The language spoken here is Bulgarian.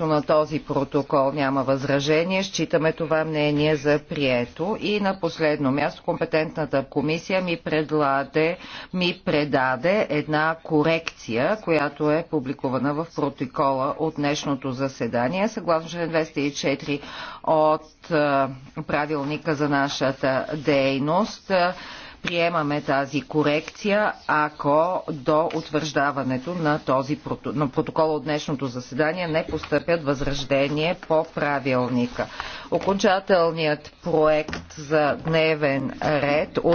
на този протокол няма възражение. Считаме това мнение за прието. И на последно място компетентната комисия ми, предладе, ми предаде една корекция, която е публикувана в протокола от днешното заседание. Съгласно член 204 от е, правилника за нашата дейност, приемаме тази корекция, ако до утвърждаването на този на протокол от днешното заседание не постъпят възраждение по правилника. Окончателният проект за дневен ред от